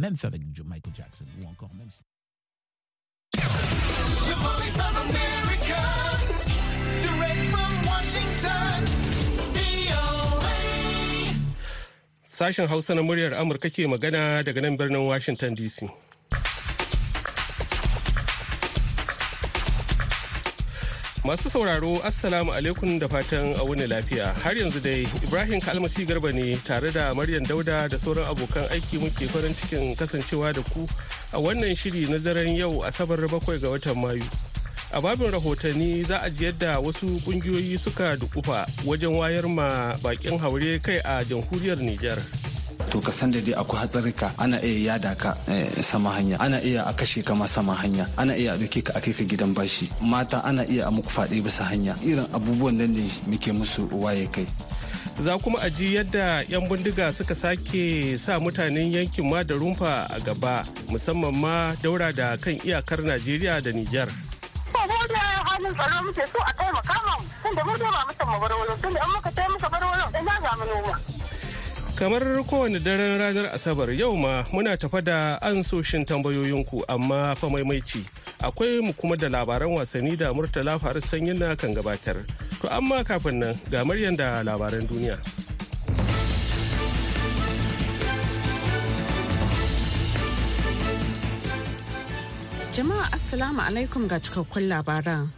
même fait avec Michael Jackson ou encore même. Sashen Hausa Amurka ke magana daga nan Washington DC. Masu sauraro Assalamu alaikum da fatan a wuni lafiya. Har yanzu dai Ibrahim Kalmasi Garba ne tare da Maryam Dauda da sauran abokan aiki muke farin cikin kasancewa da ku a wannan shiri na daren yau Asabar bakwai ga watan Mayu. A babin rahotanni za a ji yadda wasu kungiyoyi suka dukufa wajen wayar ma bakin haure kai a jamhuriyar Nijar. to ka san da dai akwai hatsarika ana iya yada ka eh, sama hanya ana iya a kashe ka ma sama hanya ana iya a doke ka a kai ka gidan bashi mata ana iya a muku faɗi bisa hanya irin abubuwan nan ne muke musu waye kai za kuma a ji yadda 'yan bindiga suka sake sa mutanen yankin ma da rumfa a gaba musamman ma daura da kan iyakar najeriya da nijar halin tsaro muke so a taimaka mu tun da mun ba mu barwalo tun da an muka taimaka za mu noma kamar kowane daren ranar asabar yau ma muna tafa da ansoshin tambayoyinku amma fa maimaici akwai mu kuma da labaran wasanni da murtala faru sanyin na kan gabatar to amma kafin nan ga muryan da labaran duniya jama'a assalamu alaikum ga cikakkun labaran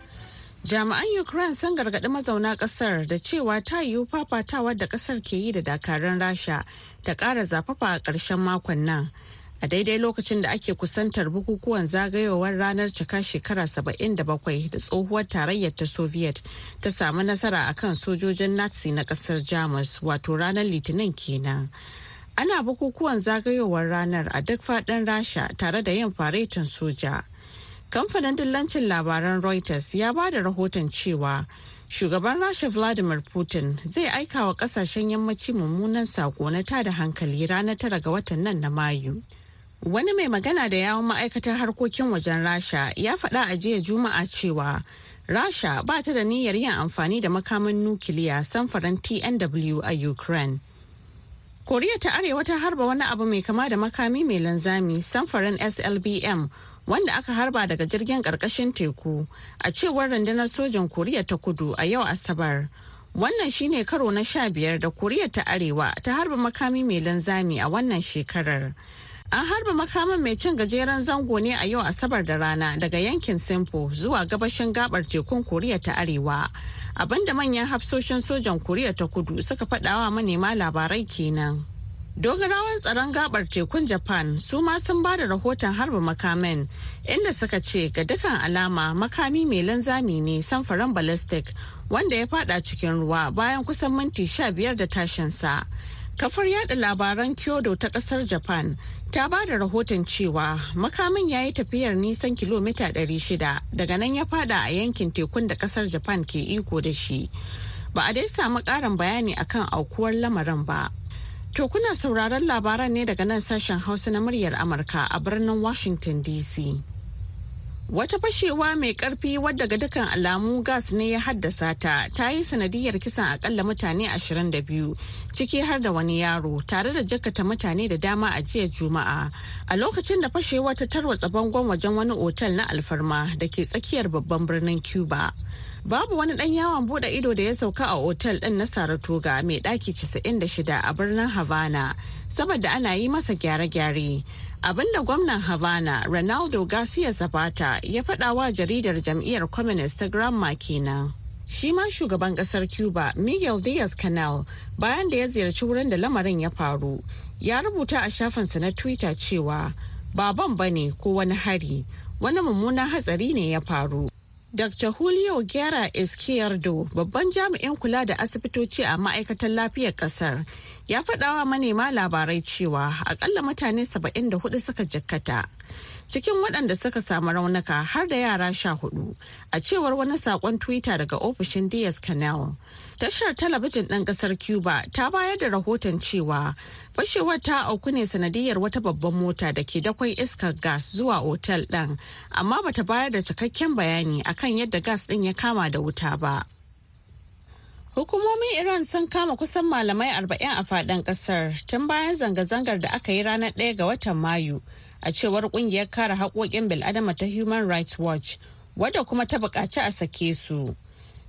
Jami'an Ukraine sun gargaɗi mazauna ƙasar da cewa ta yiwu fafatawar da ƙasar ke yi da dakarun Rasha ta ƙara zafafa a ƙarshen makon nan. A daidai lokacin da ake kusantar bukukuwan zagayowar ranar cika shekara 77 da tsohuwar tarayyar ta Soviet ta samu nasara a kan sojojin Nazi na ƙasar Jamus wato ranar Litinin kenan. Ana bukukuwan zagayowar ranar a duk faɗin Rasha tare da yin faretin soja. Kamfanin dillancin labaran Reuters ya ba da rahoton cewa shugaban Rasha Vladimir Putin zai aika wa kasashen yammaci mummunan sako na tada hankali ranar tara ga watan nan na Mayu. Wani mai magana da yawon ma'aikatar harkokin wajen Rasha ya faɗa a jiya Juma'a cewa Rasha ba ta da niyyar yin amfani da makamin nukiliya samfarin TNW a Ukraine. Koriya ta Arewa ta harba wani abu mai kama da makami mai linzami samfarin SLBM wanda aka harba daga jirgin ƙarƙashin teku a cewar rundunar sojin koriya ta kudu a yau asabar wannan shine karo na sha biyar da koriya ta arewa ta harba makami mai linzami a wannan shekarar an harba makamin mai cin gajeren zango ne a yau asabar da rana daga yankin simpo zuwa gabashin gabar tekun koriya ta arewa abinda manyan hafsoshin sojan koriya ta kudu suka faɗawa manema labarai kenan Dogarawan tsaron gabar tekun Japan su ma sun ba da rahoton harba makamin inda suka ce ga dukkan alama makami mai lanzami ne samfuran ballistic wanda ya fada cikin ruwa bayan kusan minti sha biyar da tashinsa. Kafar yada labaran kyodo ta kasar Japan ta ba da rahoton cewa makamin ya yi tafiyar nisan kilomita 600 daga nan ya fada a yankin tekun da kasar Japan ke iko da shi. Ba a dai samu karin bayani akan aukuwar lamarin ba. To kuna sauraron labaran ne daga nan sashen Hausa na muryar Amurka a birnin Washington DC. Wata fashewa mai karfi wadda ga dukkan alamu gas ne ya haddasa ta ta yi sanadiyar kisan akalla mutane 22 ciki har da wani yaro tare da jakata mutane da dama a jiya juma'a a lokacin da fashewa ta tarwatsa bangon wajen wani otal na alfarma da ke tsakiyar babban birnin Cuba. Babu wani ɗan yawon buɗe ido da ya sauka a otal ɗin na Saratoga mai ɗaki 96 a birnin Havana saboda ana yi masa gyare-gyare. abinda gwamnan havana ronaldo garcia zapata ya faɗa wa jaridar jam'iyyar communist ta gramma kenan shi ma shugaban ƙasar cuba miguel diaz canal bayan da ya ziyarci wurin da lamarin ya faru ya rubuta a shafinsa na twitter cewa baban bane ko wani hari wani mummunan hatsari ne ya faru Dr. Julio Guerra Izquierdo, babban jami'in kula da asibitoci a ma'aikatar lafiyar kasar, ya faɗawa manema labarai cewa akalla mutane 74 suka jikkata. Cikin waɗanda suka samu raunuka har da yara sha hudu, a cewar wani saƙon Twitter daga ofishin DS Canal. Tashar talabijin ɗan ƙasar Cuba ta bayar da rahoton cewa fashewar ta auku ne sanadiyar wata babban mota da ke dakwai iskar gas zuwa otel ɗin, amma bata bayar da cikakken bayani akan yadda gas ɗin ya kama da wuta ba. Hukumomin Iran sun kama kusan malamai arba'in a faɗin ƙasar tun bayan zanga-zangar da aka yi ranar ɗaya ga watan Mayu a cewar kungiyar kare haƙoƙin bil'adama ta Human Rights Watch wadda kuma ta buƙaci a sake su.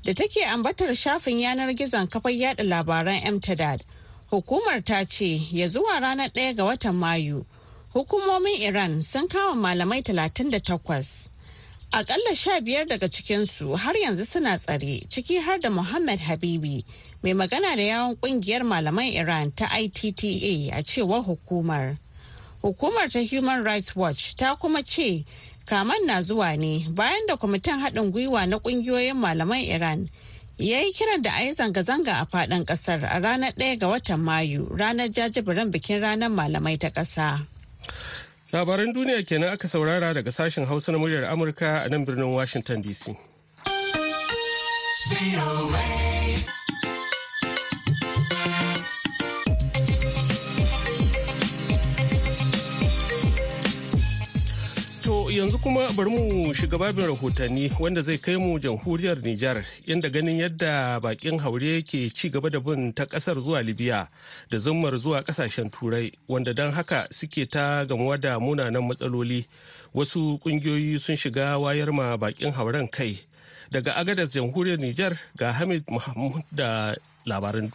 da take ambatar shafin yanar gizon kafar yada labaran mtdad hukumar ta ce ya zuwa ranar ɗaya ga watan mayu hukumomin iran sun kama malamai 38 Aƙalla sha biyar daga cikinsu har yanzu suna tsare ciki har da muhammad habibi mai magana da yawon kungiyar malaman iran ta itta a cewar hukumar hukumar ta human rights watch ta kuma ce kaman na zuwa ne bayan da kwamitin haɗin gwiwa na ƙungiyoyin malaman iran ya yi kiran da a yi zanga-zanga a faɗin ƙasar a ranar ɗaya ga watan mayu ranar jajibirin bikin ranar malamai ta ƙasa labaran duniya kenan aka saurara daga sashen hausa na muryar amurka a nan birnin washington dc yanzu kuma bari mu shiga babin rahotanni wanda zai kai mu jamhuriyar Nijar inda ganin yadda bakin haure ke ci gaba da bin ta kasar zuwa Libya da zummar zuwa kasashen turai wanda don haka suke ta gamuwa da munanan matsaloli wasu kungiyoyi sun shiga wayar ma bakin hauren kai daga agadas jamhuriyar Nijar ga Hamid Mahmud da labaran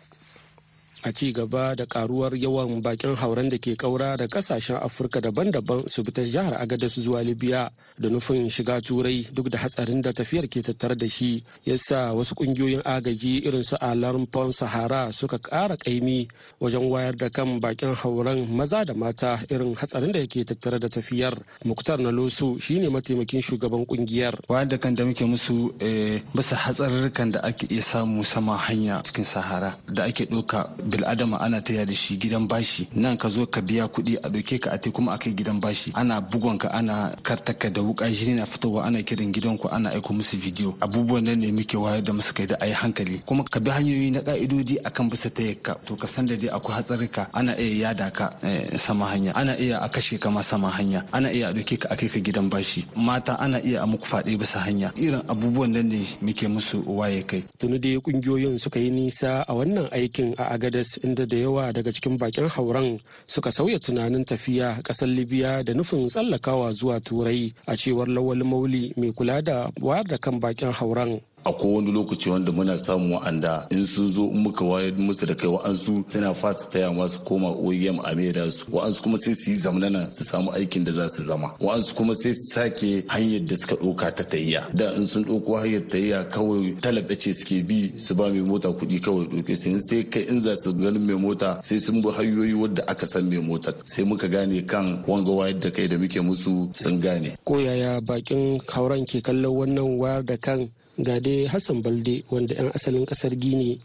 a ci gaba da karuwar yawan bakin hauren da ke kaura da kasashen afirka daban-daban su bi ta jihar agadas zuwa libya da nufin shiga turai duk da hatsarin da tafiyar ke tattare da shi yasa wasu kungiyoyin agaji irin su alarm pon sahara suka kara kaimi wajen wayar da kan bakin hauren maza da mata irin hatsarin da ke tattare da tafiyar muktar na losu shine mataimakin shugaban kungiyar wayar da kan da muke musu eh, bisa hatsarurrukan da ake iya samu sama hanya cikin sahara da ake doka. bil'adama ana taya da shi gidan bashi nan ka zo ka biya kuɗi a ɗauke ka a te kuma akai gidan bashi ana bugon ka ana kartaka da wuka jini na fitowa ana kiran gidanku ana aiko musu video abubuwan nan ne muke wayar da musu kai da ayi hankali kuma ka bi hanyoyi na ka'idodi akan bisa ta yaka to ka san da dai akwai hatsarika ana iya yada ka eh, sama hanya ana iya a kashe ka ma sama hanya ana iya a ɗauke ka akai ka gidan bashi mata ana iya a muku faɗe bisa hanya irin abubuwan nan ne muke musu waye kai tunu dai kungiyoyin suka yi nisa a wannan aikin a agada Tunis inda da yawa daga cikin bakin hauran suka sauya tunanin tafiya ƙasar Libya da nufin tsallakawa zuwa Turai a cewar Lawal Mauli mai kula da wayar da kan bakin hauran. A wani lokaci wanda muna samu wa'anda in sun zo in muka wayar musu da kai wa'ansu suna fasa taya masu koma OEM a su wa'ansu kuma sai su yi zamana su samu aikin da za su zama wa'ansu kuma sai su sake hanyar da suka ɗauka ta tayya da in sun ɗauko hanyar tayya kawai talabe ce suke bi su ba mai mota kuɗi kawai ɗauke su in sai kai in za su ganin mai mota sai sun bi hanyoyi wadda aka san mai mota sai muka gane kan wanga wayar da kai da muke musu sun gane. Ko yaya bakin hauren ke kallon wannan wayar da kan ga dai hassan balde wanda 'yan asalin kasar gini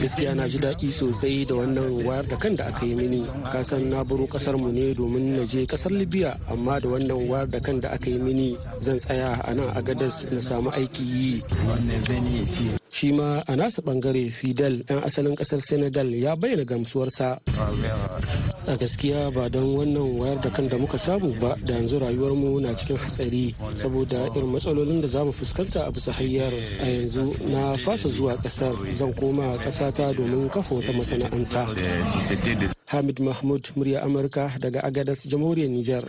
gaskiya na ji daɗi sosai da wannan wayar da kan da aka yi mini kasan na baro kasar mu ne domin na je kasar libya amma da wannan wayar da kan da aka yi mini zan tsaya a nan a gadas na samu aiki yi shi ma a nasa bangare fidel 'yan asalin kasar senegal ya bayyana gamsuwarsa a gaskiya ba don wannan wayar da kan da muka samu ba da yanzu rayuwarmu na cikin hatsari saboda irin matsalolin da za mu fuskanta a bisa hanyar a yanzu na fasa zuwa kasar zan koma kasata domin kafa wata masana'anta hamid mahmud murya amurka daga agadas jamhuriyar niger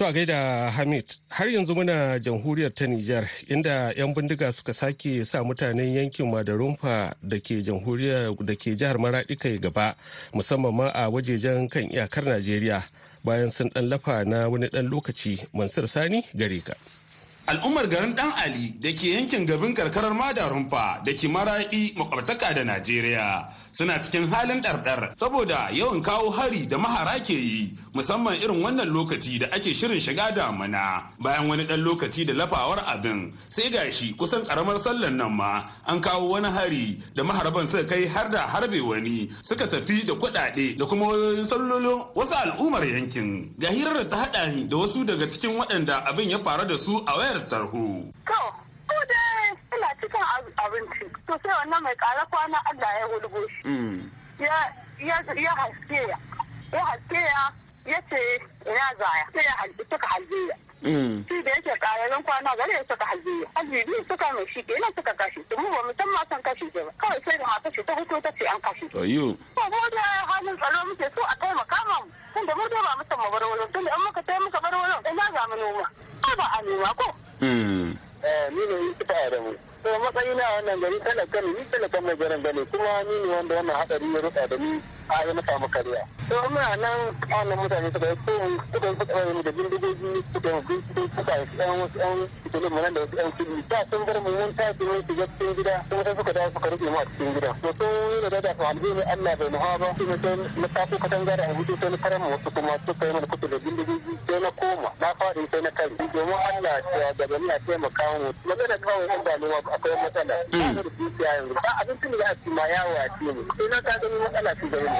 To a gaida Hamid, har yanzu muna jamhuriyar ta Nijar inda 'yan bindiga suka sake sa mutanen yankin Madarumfa da ke jamhuriyar da ke jihar Maraɗi kai gaba musamman ma a wajejen kan iyakar Najeriya bayan sun ɗan lafa na wani ɗan lokaci Mansur Sani gare ka. al'ummar garin dan ali da ke yankin gabin karkarar madarumfa da ke maraɗi makwabtaka da najeriya suna cikin halin ɗarɗar saboda yawan kawo hari da mahara ke yi musamman irin wannan lokaci da ake shirin shiga damana bayan wani ɗan lokaci da lafawar abin sai gashi kusan ƙaramar sallan nan ma an kawo wani hari da maharban suka kai har da harbe wani suka tafi da kuɗaɗe da kuma wayoyin sallolin wasu al'ummar yankin ga hirar da ta haɗa ni da wasu daga cikin waɗanda abin ya faru da su a wayar tarho. cikin abinci to sai wannan mai ƙara kwana Allah ya hulgo shi mm. ya haske ya ya haske ya ya ce ina zaya sai ya halbi suka halbi ya mm. shi da yake ƙararren kwana gare ya suka halbi ya halbi biyu suka mai shi ke nan suka kashe su mu ba mu san ma san kashe ta ba kawai sai da masu ce ta fito ta ce an kashe to you ko ko da halin tsaro muke so a taimaka mu tunda mu dai ba mu san mu bar wurin tunda in muka taimaka bar wurin ina za mu noma ba a noma ko mm. eh ni ne ita da mu to matsayi na wannan gari talakan ni talakan mai garin ne kuma ni ne wanda wannan hadari ya rutsa da ni a yi masa makariya. to muna nan kwanan mutane suka yi ko suka yi suka yi da bindigogi suka yi bindigogi suka yi yan wasu yan fitolin mana da wasu yan fili da sun bar mu mun tafi mun shiga cikin gida sun wata suka dawo suka rufe mu a cikin gida to sun yi da da fa ne Allah bai muha ba sai mutum na tafi katanga da abu sai na karama wasu kuma suka yi mana kutu da bindigogi sai na koma na faɗi sai na kari domin Allah ya daga ni a taimaka mu magana kawai yan damuwa akwai matsala. Hmm. Ba abin da ya ci ma yawo a cikin sai na ka gani matsala ce da yin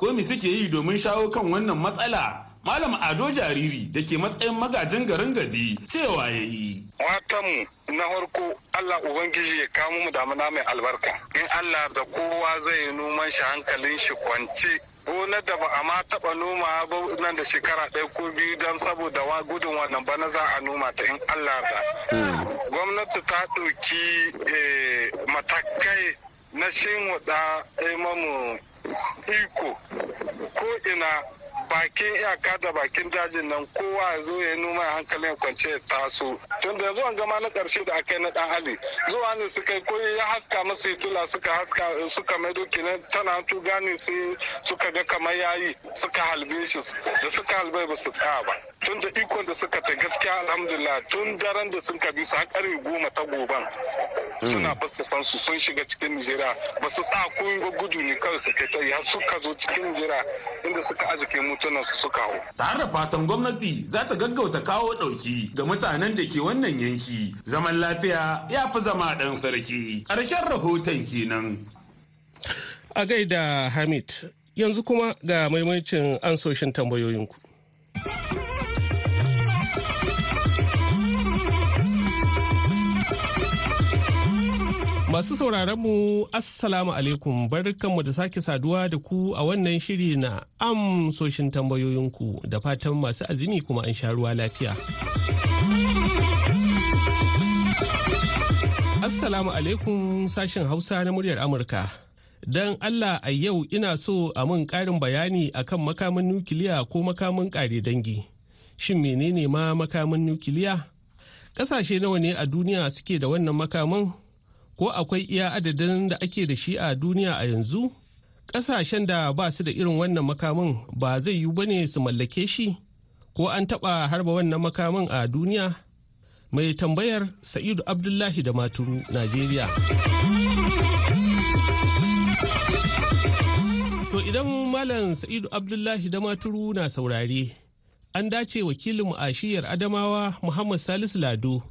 ko mi suke yi domin shawo kan wannan matsala malam ado jariri da ke matsayin magajin garin gabi cewa ya yi watanmu na farko allah ubangiji ya kamo mu damuna mai albarka in allah da kowa zai noman shi hankalin shi kwance gonar da ba a ma taba noma ba nan da shekara ɗaya ko biyu don saboda wa gudun wannan bana za a noma ta in allah da gwamnati ta ɗauki eh, matakai na shin waɗa eh, mamu iko ko ina bakin iyaka da bakin dajin nan kowa ya zo ya noma hankalin kwance ya taso tun da zuwan gama na karshe da aka yi na dan ali zuwa ne suka yi koyi ya haska masu tula suka haska suka doki na tana tu gane sai suka ga kamar yayi suka halbe shi da suka halbe ba su tsaya ba tun da ikon da suka ta gaskiya alhamdulillah tun daren da sun bi su har goma ta goban suna basu san su sun shiga cikin Nijeriya ba su tsaya koyi gudu ne kawai suka ta yi har suka zo cikin Nijeriya inda suka ajiye mutu hotunan su suka hau. Tare da fatan gwamnati za ta gaggauta kawo ɗauki ga mutanen da ke wannan yanki zaman lafiya ya fi zama ɗan sarki. Ƙarshen rahoton kenan. A gaida Hamid, yanzu kuma ga maimacin ansoshin tambayoyinku. Masu sauraron mu Assalamu alaikum barkanmu da sake saduwa da ku a wannan shiri na amsoshin tambayoyinku da fatan masu azumi kuma an sha ruwa lafiya. Assalamu alaikum sashen Hausa na muryar Amurka. Don Allah a yau ina so a mun ƙarin bayani akan makamin nukiliya ko makamin kare dangi. Shin menene ma makamin nukiliya? Ƙasashe nawa ne a duniya suke da wannan makamin? ko akwai iya adadin da ake da shi a duniya a yanzu ƙasashen da ba su da irin wannan makamin ba zai yiwu bane su mallake shi ko an taɓa harba wannan makamin a duniya mai tambayar sa'idu abdullahi da maturu najeriya to idan malam sa'idu abdullahi da maturu na saurare an dace Wakilin a shiyar adamawa muhammad salisu lado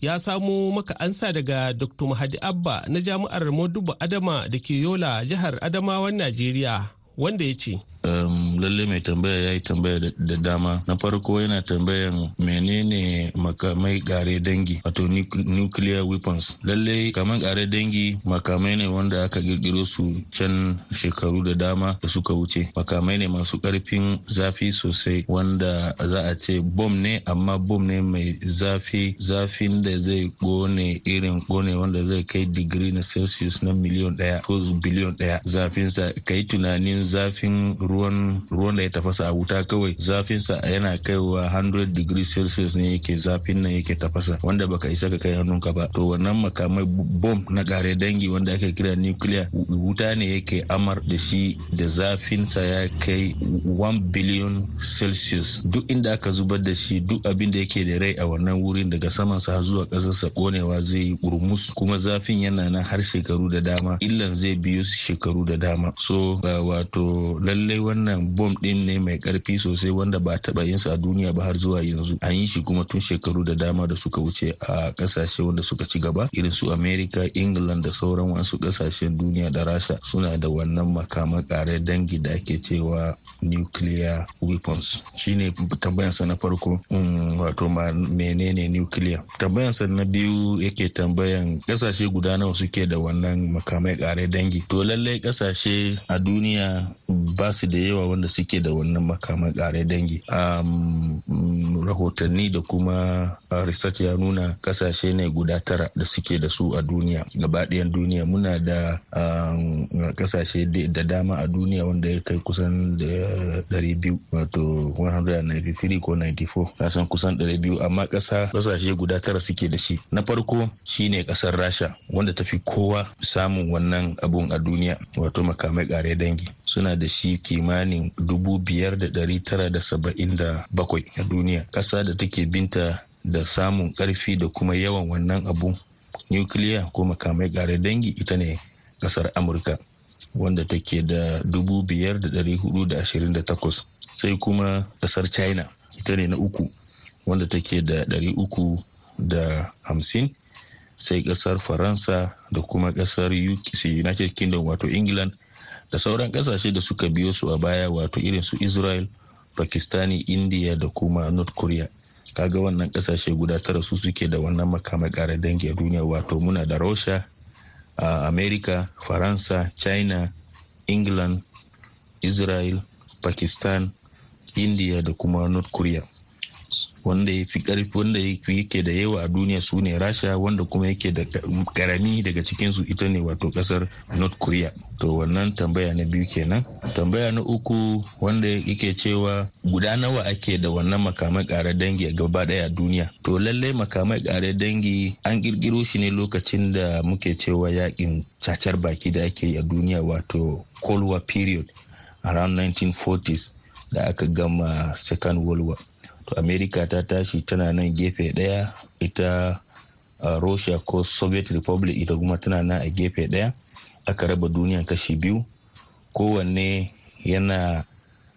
ya samo maka ansa daga Dr. Mahadi Abba na Jami'ar Modubu Adama da ke Yola jihar Adamawan Najeriya wanda ya ce. lalle mai tambaya ya yi tambaya da dama na farko yana tambayan menene makamai kare dangi wato nuclear weapons lalle kamar kare dangi makamai ne wanda aka girgiro su can shekaru da dama da suka wuce makamai ne masu karfin zafi sosai wanda za a ce bom ne amma bom ne mai zafi zafin da zai gone irin gone wanda zai kai digiri na celsius na miliyon daya ko biliyon daya zafinsa ka yi tunanin zafin ruwan ruwan da ya tafasa a wuta kawai zafinsa yana kaiwa 100 degree celsius ne yake zafin nan yake tafasa wanda baka isa ka kai ka ba to wannan makamai bomb na kare dangi wanda aka kira nuclear wuta ne yake amar da shi da zafinsa ya kai 1 billion celsius duk inda aka zubar da shi duk abin da yake da rai a wannan wurin daga saman sa zuwa sa konewa zai yi kurmus kuma zafin yana nan har shekaru da dama illan zai biyo shekaru da dama so wato lallai wannan bom din ne mai karfi sosai wanda ba taba yin sa a duniya ba har zuwa yanzu an yi shi kuma tun shekaru da dama da suka wuce a kasashe wanda suka ci gaba irin su america england da sauran wasu kasashen duniya da rasha suna da wannan makaman kare dangi da ake cewa nuclear weapons shine tambayansa na farko um, wato menene nukiliya tambayan sa na biyu yake tambayan kasashe guda nawa suke da wannan makamai kare dangi to lallai kasashe a duniya ba su da yawa wanda suke da wannan makamai kare dangi rahotanni da kuma research ya nuna kasashe ne guda tara da suke da su a duniya gabaɗayan duniya muna da kasashe da dama a duniya wanda ya kai kusan da eh, 200 wato 193 ko 94 kusan kusan 200 amma ƙasa ƙasashe guda tara suke da shi na farko shine ƙasar rasha wanda tafi kowa samun wannan abun a duniya wato makamai kare dangi suna da shi kimanin 5,977 a duniya ƙasa da take binta da samun ƙarfi da kuma yawan wannan abun nukiliya ko makamai kare dangi ita ne ƙasar amurka wanda take da 5,428 sai kuma ƙasar china ita ne na uku wanda take da ɗari uku da hamsin sai kasar faransa da kuma kasar united kingdom wato england da sauran kasashe da suka biyo su a baya wato irin su israel pakistani india da kuma north korea kaga wannan kasashe guda tara su suke da wannan makama kara dangi a duniya wato muna da russia a america faransa china england israel pakistan india da kuma north korea wanda ya fi karfi wanda yake da yawa a duniya su ne rasha wanda kuma yake da karami daga cikinsu ita ne wato ƙasar north korea to wannan tambaya na biyu kenan tambaya na uku wanda yake cewa guda nawa ake da wannan makamai kare dangi a gaba a duniya to lallai makamai kare dangi an ƙirƙiro shi ne lokacin da muke cewa yakin cacar baki da ake yi a duniya wato cold war period around 1940s da aka gama second world war america ta tashi tana nan gefe daya ita uh, russia ko soviet republic ita kuma tana nan a gefe daya aka raba duniyan kashi biyu kowanne yana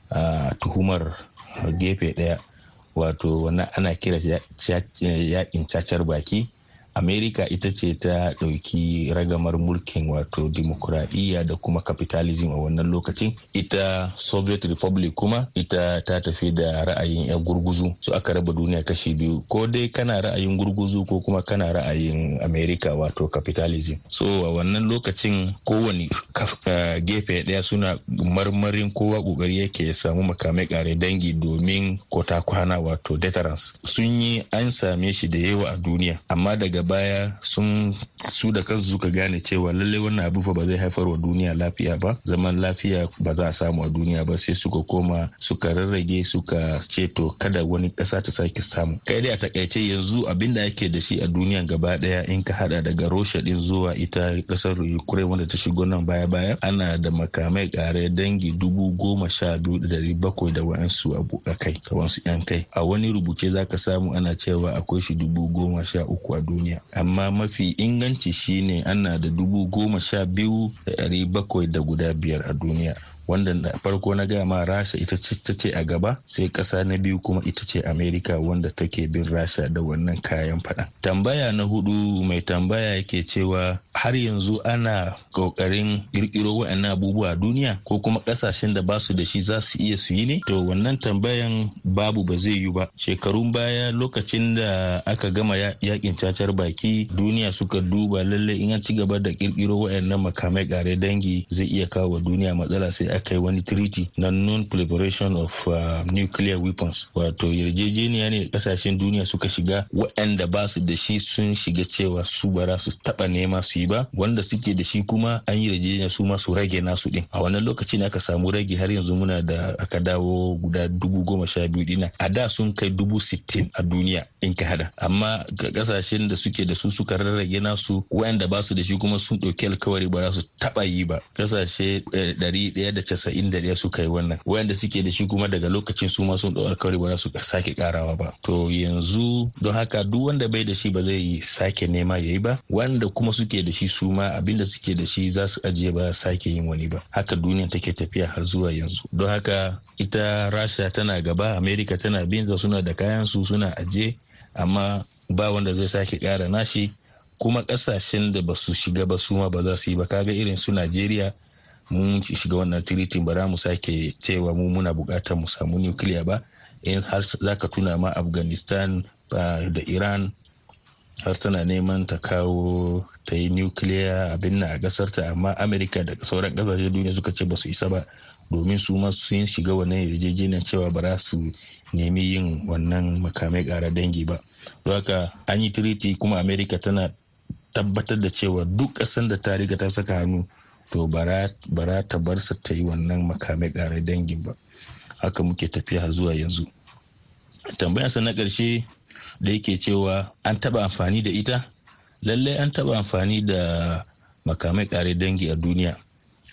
uh, tuhumar gefe daya wato wannan ana kira yakin cacar baki Amerika ita ce ta ɗauki ragamar mulkin wato dimokuraɗiyya da kuma capitalism a wannan lokacin ita soviet republic kuma ita ta tafi da ra'ayin 'yan gurguzu su aka raba duniya kashi biyu ko dai kana ra'ayin gurguzu ko kuma kana ra'ayin Amerika wato capitalism so a wannan lokacin kowane eh, gefe ɗaya suna marmarin kowa kokari yake ya samu makamai kare dangi domin kota kwana wato deterrence sun yi an same shi da yawa a duniya amma daga baya sun su da kansu suka gane cewa lallai wannan abu fa ba zai haifar wa duniya lafiya ba zaman lafiya ba za a samu a duniya ba sai suka koma suka rarrage suka ce to kada wani kasa ta sake samu kai dai a takaice yanzu abin da ake da shi a duniya gaba daya in ka hada daga rosha din zuwa ita kasar ukraine wanda ta shigo nan baya baya ana da makamai kare dangi dubu goma sha biyu da dari bakwai da wa'ansu a kai da wasu yan kai a wani rubuce zaka samu ana cewa akwai shi dubu goma sha uku a duniya duniya amma mafi inganci shine ana da dubu goma sha biyu da ɗari bakwai da guda biyar a duniya wanda farko na gaya ma rasha ita ce a gaba sai ƙasa na biyu kuma ita ce amerika wanda take bin rasha da wannan kayan faɗan tambaya na hudu mai tambaya yake cewa har yanzu ana ƙoƙarin ƙirƙiro wa'annan abubuwa duniya ko kuma ƙasashen da ba su da shi za su iya su yi ne to wannan tambayan babu ba zai yi ba shekarun baya lokacin da aka gama yakin cacar baki duniya suka duba lallai in an ci gaba da ƙirƙiro wa'annan makamai kare dangi zai iya kawo duniya matsala sai aka yi wani treaty na non-proliferation of uh, nuclear weapons wato yarjejeniya ne kasashen duniya suka shiga waɗanda ba su da shi sun shiga cewa su ba za su taɓa nema su yi ba wanda suke da shi kuma an yi yarjejeniya su ma su rage nasu ɗin a wannan lokaci ne aka samu rage har yanzu muna da aka dawo guda dubu goma sha biyu ɗina a da sun kai dubu sittin a duniya in ka hada amma kasashen da suke da su suka rarrage nasu waɗanda ba su da shi kuma sun ɗauki alkawari ba za su taɓa yi ba kasashe eh, ɗari ɗaya da casa'in da ya suka yi wannan wayanda suke da shi kuma daga lokacin su ma sun alkawari ba za su sake karawa ba to yanzu don haka duk wanda bai da shi ba zai sake nema yayi ba wanda kuma suke da shi su ma abinda suke da shi za su ajiye ba sake yin wani ba haka duniya take tafiya har zuwa yanzu don haka ita rasha tana gaba america tana binza suna da kayan su suna ajiye amma ba wanda zai sake kara nashi kuma kasashen da ba su shiga ba su ma ba za su yi ba kaga irin su najeriya mun shiga wannan treaty ba za mu sake cewa mu muna bukatar mu samu nukiliya ba in har za ka tuna ma afghanistan da iran har tana neman ta kawo ta yi nukiliya abin na a ƙasar ta amma amerika da sauran kasashe duniya suka ce ba su isa ba domin su ma sun shiga wannan yarjejeniyar cewa ba za su nemi yin wannan makamai kara dangi ba don haka an yi tiriti kuma amerika tana tabbatar da cewa duk ƙasar da ta ta saka hannu to bara ta bar su ta yi wannan makamai ƙarar dangin ba haka muke tafiya zuwa yanzu tambayarsa na ƙarshe da yake cewa an taɓa amfani da ita lallai an taɓa amfani da makamai ƙare dangi a duniya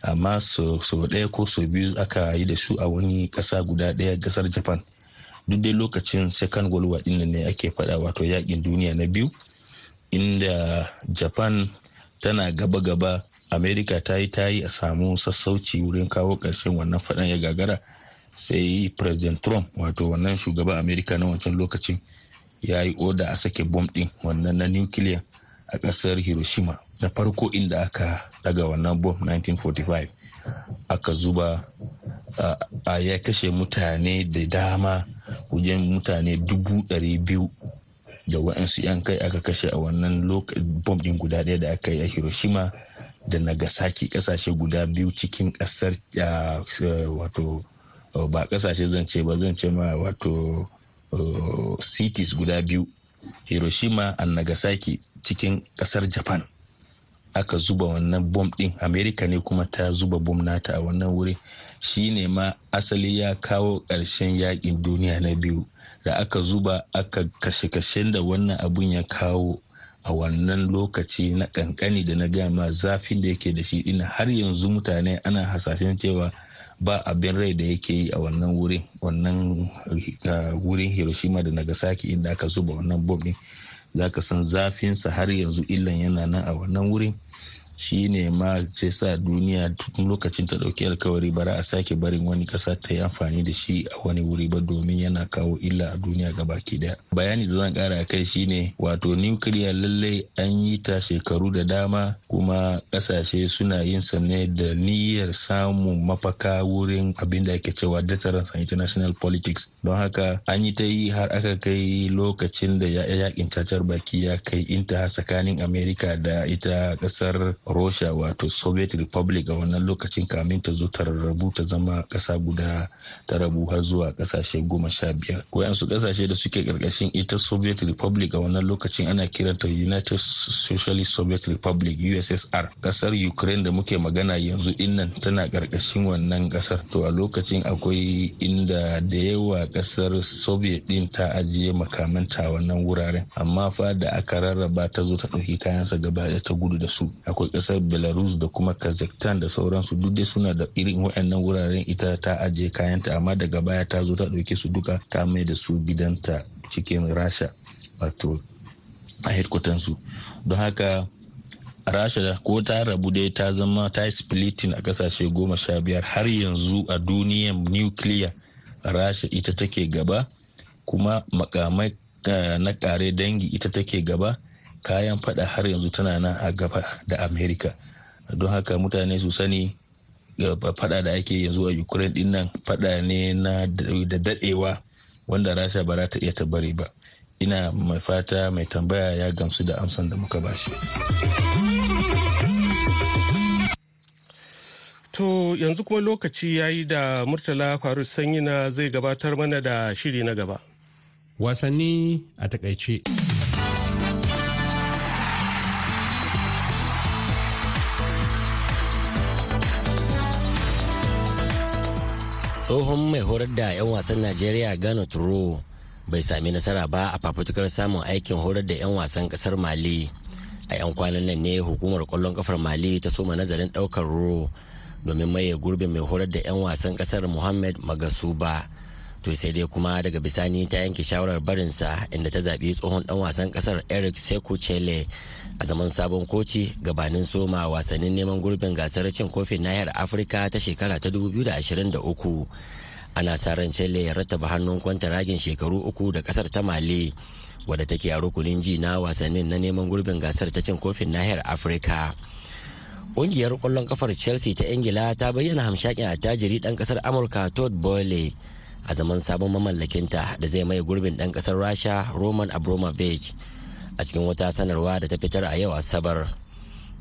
amma sau ɗaya ko sau biyu aka yi da su a wani ƙasa guda ɗaya ƙasar japan duk dai lokacin second world war ɗin ne ake faɗa wato yaƙin duniya na biyu inda japan tana gaba-gaba amerika ta yi ta yi a samu sassauci wurin kawo ƙarshen wannan faɗan ya gagara sai president trump wato wannan shugaban amerika na wancan lokacin ya yi oda a sake bom ɗin wannan na nukiliya a ƙasar hiroshima na farko inda aka daga wannan bom 1945 aka zuba a ya kashe mutane da dama wajen mutane dubu ɗari biyu da wa'ansu 'yan kai aka kashe a wannan bom ɗin guda ɗaya da aka yi a hiroshima da nagasaki kasashe guda biyu cikin kasar eh, wato eh, ba kasashe zance ba zance ma wato eh, cities guda biyu hiroshima a nagasaki cikin kasar japan aka zuba wannan bom din amerika ne kuma ta zuba bom nata a wannan wurin shi ne ma asali ya kawo ƙarshen yakin duniya na biyu da aka zuba aka kashe-kashen da wannan abun ya kawo a wannan lokaci na kankani da na gama zafin da yake da shi ina har yanzu mutane ana hasashen cewa ba abin rai da yake yi a wannan wurin ah, hiroshima da nagasaki inda aka zuba wannan bombin za ka san zafinsa har yanzu illan yana nan a wannan wurin shi ne ma sai sa duniya tun lokacin ta ɗauki alkawari bara a sake barin wani ƙasa ta yi amfani da shi a wani wuri ba domin yana kawo illa a duniya ga baki ɗaya. bayani da zan kara kai shi ne wato nukiliya lallai an yi ta shekaru da dama kuma ƙasashe suna yin sa da niyyar samun mafaka wurin abin da ake cewa deterrence and international politics don haka an yi ta yi har aka kai lokacin da ya cacar baki ya kai inta tsakanin Amerika da ita ƙasar Russia wato Soviet Republic a wannan lokacin kamin ta zo ta rarrabu ta zama ƙasa guda ta rabu har zuwa ƙasashe goma sha biyar. Wayansu ƙasashe da suke ƙarƙashin ita Soviet Republic a wannan lokacin ana kiranta United Socialist Soviet Republic USSR. Ƙasar Ukraine da muke magana yanzu innan tana karkashin wannan ƙasar. To a lokacin akwai inda da yawa ƙasar Soviet din ta ajiye makamanta wannan wuraren. Amma fa da aka rarraba ta zo ta ɗauki kayansa gaba ta gudu da su. Akwai kasar belarus da kuma kazakhstan da sauransu duk dai suna da irin waɗannan wuraren ita ta ajiye kayanta amma daga baya ta zo ta ɗauke su duka ta mai da su gidanta cikin rasha wato a hedkwatansu don haka rasha ko ta rabu dai ta zama ta yi splitting a kasashe goma sha biyar har yanzu a duniyar nukiliya rasha ita take gaba kuma makamai eh, na kare dangi ita take gaba kayan fada har yanzu tana nan a gaba da america don haka mutane su sani fada da ake yanzu a ukraine din nan fada ne na da dadewa wanda rasha ba za ta iya tabari ba ina mai fata mai tambaya ya gamsu da amsan da muka bashi to yanzu kuma lokaci ya yi da murtala faru na zai gabatar mana da shiri na gaba wasanni a takaice tsohon mai horar da 'yan wasan najeriya gano turo bai sami nasara ba a fafutukar samun aikin horar da 'yan wasan kasar mali a 'yan kwanan nan ne hukumar kwallon kafar mali ta soma nazarin daukar ro domin maye gurbin mai horar da 'yan wasan kasar muhammad magasuba to sai dai kuma daga bisani ta yanke shawarar barinsa inda ta zaɓi tsohon ɗan wasan ƙasar eric seku chele a zaman sabon koci gabanin soma wasannin neman gurbin gasar cin kofin nahiyar afirka ta shekara ta 2023 ana sa ran chele ya rattaba hannun kwanta ragin shekaru uku da ƙasar ta mali wadda take a rukunin ji na wasannin na neman gurbin gasar ta cin kofin nahiyar afirka ƙungiyar ƙwallon kafar chelsea ta ingila ta bayyana hamshakin attajiri ɗan ƙasar amurka todd boyle a zaman sabon mamallakinta da zai mai gurbin ɗan ƙasar rasha roman abramovich a cikin wata sanarwa da ta fitar a yau asabar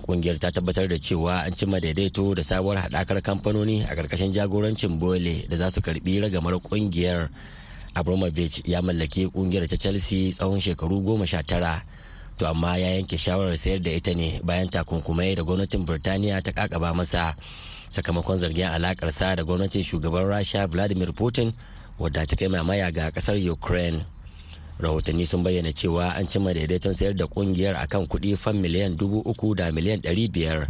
kungiyar ta tabbatar da cewa an cimma daidaito da sabuwar haɗakar kamfanoni a ƙarƙashin jagorancin bole da za su karbi ragamar kungiyar abramovich ya mallaki kungiyar ta chelsea tsawon shekaru goma sha tara to amma ya yanke shawarar sayar da ita ne bayan takunkumai da gwamnatin birtaniya ta kakaba masa sakamakon zargin alakar sa da gwamnatin shugaban rasha vladimir putin wadda ta kai mamaya ga kasar ukraine rahotanni sun bayyana cewa an cimma daidaiton sayar da kungiyar akan kudi fan miliyan dubu uku da miliyan ɗari biyar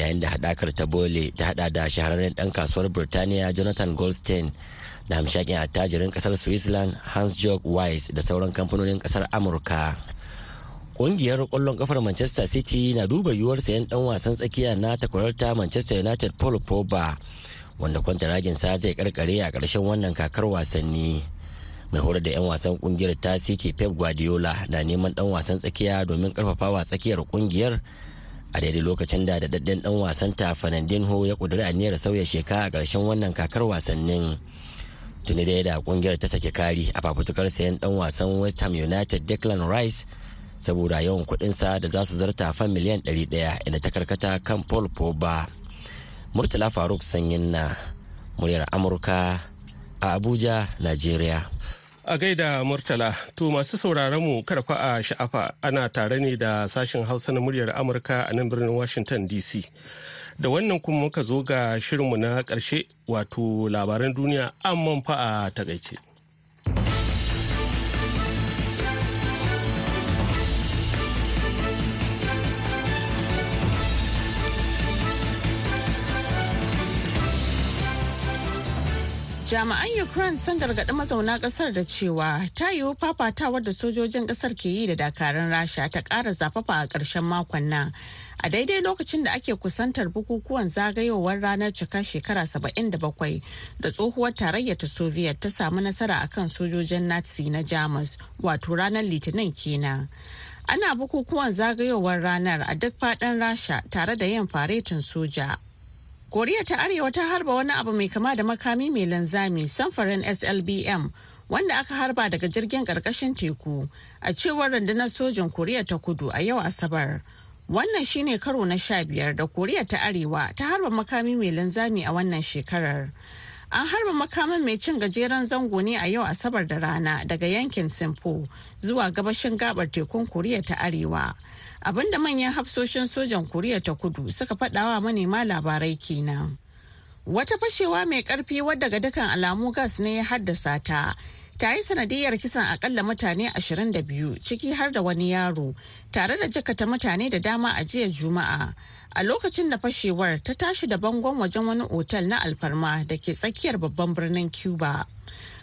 yayin da hadakar ta bole ta hada da shahararren dan kasuwar birtaniya jonathan goldstein da hamshakin attajirin kasar switzerland hans jörg weiss da sauran kamfanonin kasar amurka Ƙungiyar kwallon kafar Manchester City na duba yiwuwar sayan ɗan wasan tsakiya na takwararta Manchester United Paul Pogba wanda kwanta sa zai karkare a karshen wannan kakar wasanni. Mai horar da 'yan wasan kungiyar ta City Pep Guardiola na neman ɗan wasan tsakiya domin ƙarfafawa tsakiyar kungiyar a daidai lokacin da daɗaɗɗen dan wasan ta Fernandinho ya ƙudiri aniyar sauya sheka a ƙarshen wannan kakar wasannin. Tuni da da ƙungiyar ta saki kari a fafutukar sayan ɗan wasan West Ham United Declan Rice saboda yawan kuɗinsa da za su zarta fan miliyan 100 inda ta karkata kan paul pogba murtala faruk sanyin na muryar amurka a abuja nigeria a gaida murtala to masu sauraron mu karfa a sha'afa ana tare ne da sashen hausa na muryar amurka a nan birnin washington dc da wannan kuma muka zo ga shirinmu na ƙarshe wato labaran duniya an manfa a takaice Jami'an Ukraine sun gargaɗi mazauna ƙasar da cewa ta yiwu fafatawar da sojojin ƙasar ke yi da dakarun Rasha ta ƙara zafafa a ƙarshen makon nan. A daidai lokacin da ake kusantar bukukuwan zagayowar ranar cika shekara 77 da tsohuwar tarayyar ta Soviet ta samu nasara akan sojojin Nazi na Jamus wato ranar Litinin kenan. Ana bukukuwan zagayowar ranar a duk faɗin Rasha tare da yin faretin soja koriya ta arewa ta harba wani abu mai kama da makami mai linzami samfarin slbm wanda aka harba daga jirgin karkashin teku a cewar rundunar sojin koriya ta kudu a yau asabar wannan shine karo na sha biyar da koriya ta arewa ta harba makami mai linzami a wannan shekarar an harba makamin mai cin gajeren zango ne a yau asabar da rana daga yankin simpo zuwa gabashin gabar tekun koriya ta arewa abinda manyan hafsoshin sojan koriya ta kudu suka fadawa manema labarai kenan wata fashewa mai karfi wadda ga dukkan alamu gas ne ya haddasa ta ta yi sanadiyar kisan akalla mutane 22 ciki har da wani yaro tare da jakata mutane da dama a jiya juma'a a lokacin da fashewar ta tashi da bangon wajen wani otal na alfarma da ke tsakiyar babban birnin cuba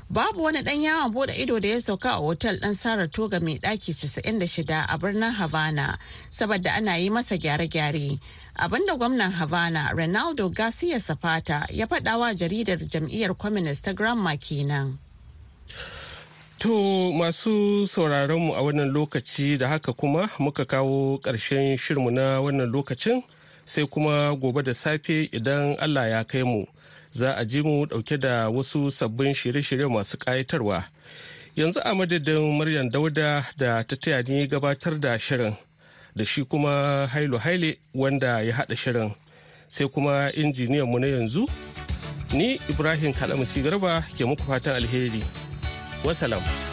babu wani dan yawon bude ido da ya sauka a otal dan sarar toga mai ɗaki 96 a birnin havana saboda ana yi masa gyare-gyare abinda gwamnan havana ronaldo garcia zapata ya faɗawa jaridar jam'iyyar communist ta granma kenan To masu sauraronmu a wannan lokaci da haka kuma muka kawo ƙarshen shirmu na wannan lokacin sai kuma gobe da safe idan Allah ya kai mu za a ji mu dauke da wasu sabbin shirye-shirye masu ƙayatarwa. Yanzu a madadin Maryam Dauda da ta taya ni gabatar da shirin da shi kuma Hailu Haile wanda ya haɗa shirin sai kuma injiniyan mu na yanzu ni Ibrahim Kalamusi Garba ke muku fatan alheri. Wasalam.